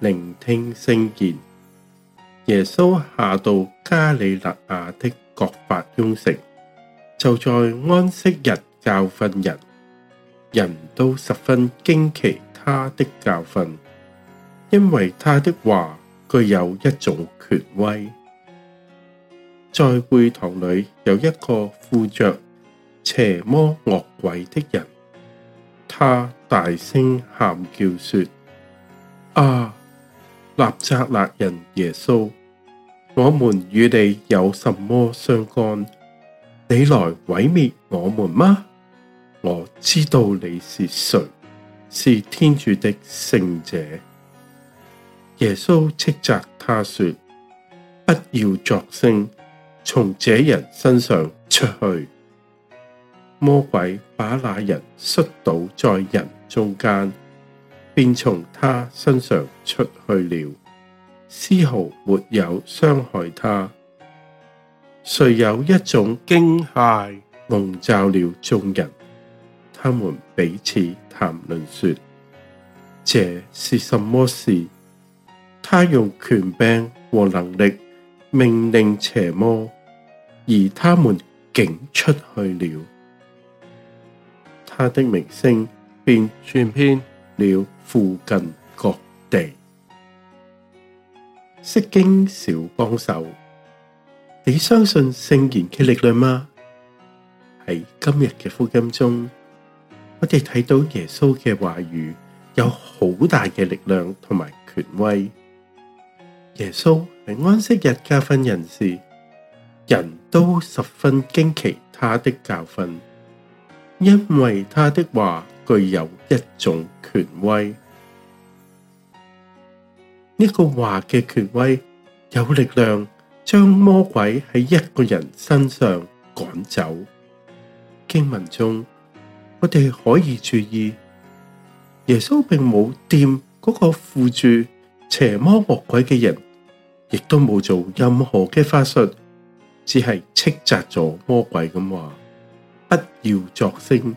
聆聽聖言，耶穌下到加里肋亞的葛法翁城，就在安息日教訓人，人都十分驚奇他的教訓，因為他的話具有一種權威。在會堂裡有一個附着邪魔惡鬼的人，他大聲喊叫說：啊！納匝肋人耶穌，我們與你有什麼相干？你來毀滅我們嗎？我知道你是誰，是天主的聖者。耶穌斥責他說：不要作聲，從這人身上出去。魔鬼把那人摔倒在人中間。便從他身上出去了，絲毫沒有傷害他。遂有一種驚駭籠罩了眾人，他們彼此談論說：這是什麼事？他用權柄和能力命令邪魔，而他們竟出去了。他的名聲便傳遍。.了附近各地，釋經小幫手。你相信聖言嘅力量嗎？喺今日嘅福音中，我哋睇到耶穌嘅話語有好大嘅力量同埋權威。耶穌系安息日教訓人時，人都十分驚奇他的教訓，因為他的話。具有一種權威，呢、這個話嘅權威有力量將魔鬼喺一個人身上趕走。經文中我哋可以注意，耶穌並冇掂嗰個附住邪魔惡鬼嘅人，亦都冇做任何嘅法術，只係斥責咗魔鬼咁話：「不要作聲。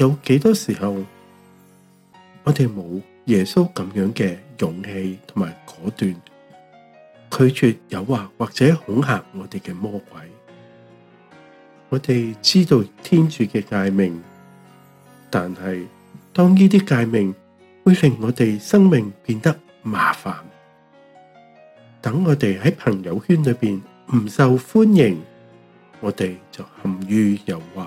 有幾多時候，我哋冇耶穌咁樣嘅勇氣同埋果斷，拒絕誘惑或者恐嚇我哋嘅魔鬼。我哋知道天主嘅誡命，但係當呢啲誡命會令我哋生命變得麻煩，等我哋喺朋友圈裏邊唔受歡迎，我哋就陷於誘惑。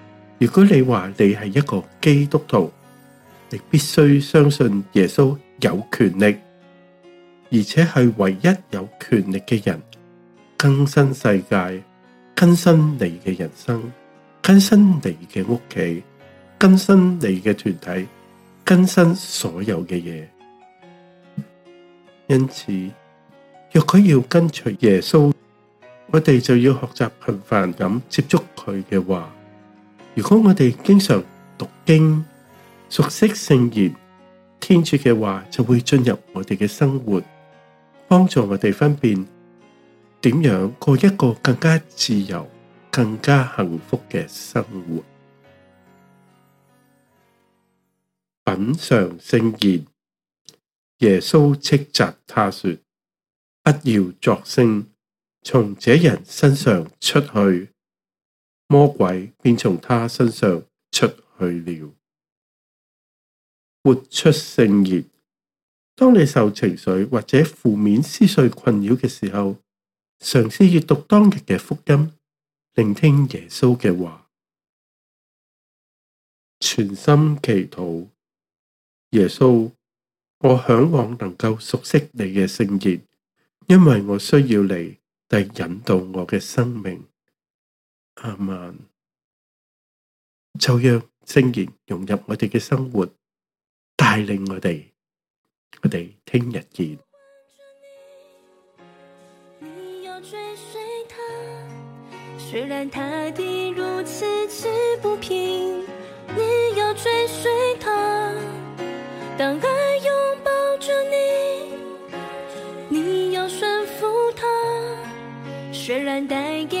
如果你話你係一個基督徒，你必須相信耶穌有權力，而且係唯一有權力嘅人。更新世界、更新你嘅人生、更新你嘅屋企、更新你嘅團體、更新所有嘅嘢。因此，若佢要跟隨耶穌，我哋就要學習頻繁咁接觸佢嘅話。如果我哋經常讀經、熟悉聖言、天主嘅話，就會進入我哋嘅生活，幫助我哋分辨點樣過一個更加自由、更加幸福嘅生活。品嘗聖言，耶穌斥責他說：不要作聲，從這人身上出去。魔鬼便從他身上出去了，活出聖言。當你受情緒或者負面思緒困擾嘅時候，嘗試閱讀當日嘅福音，聆聽耶穌嘅話，全心祈禱。耶穌，我向往能夠熟悉你嘅聖言，因為我需要你嚟引導我嘅生命。阿們，就讓聖言融入我哋嘅生活，帶領我哋，我哋聽日見。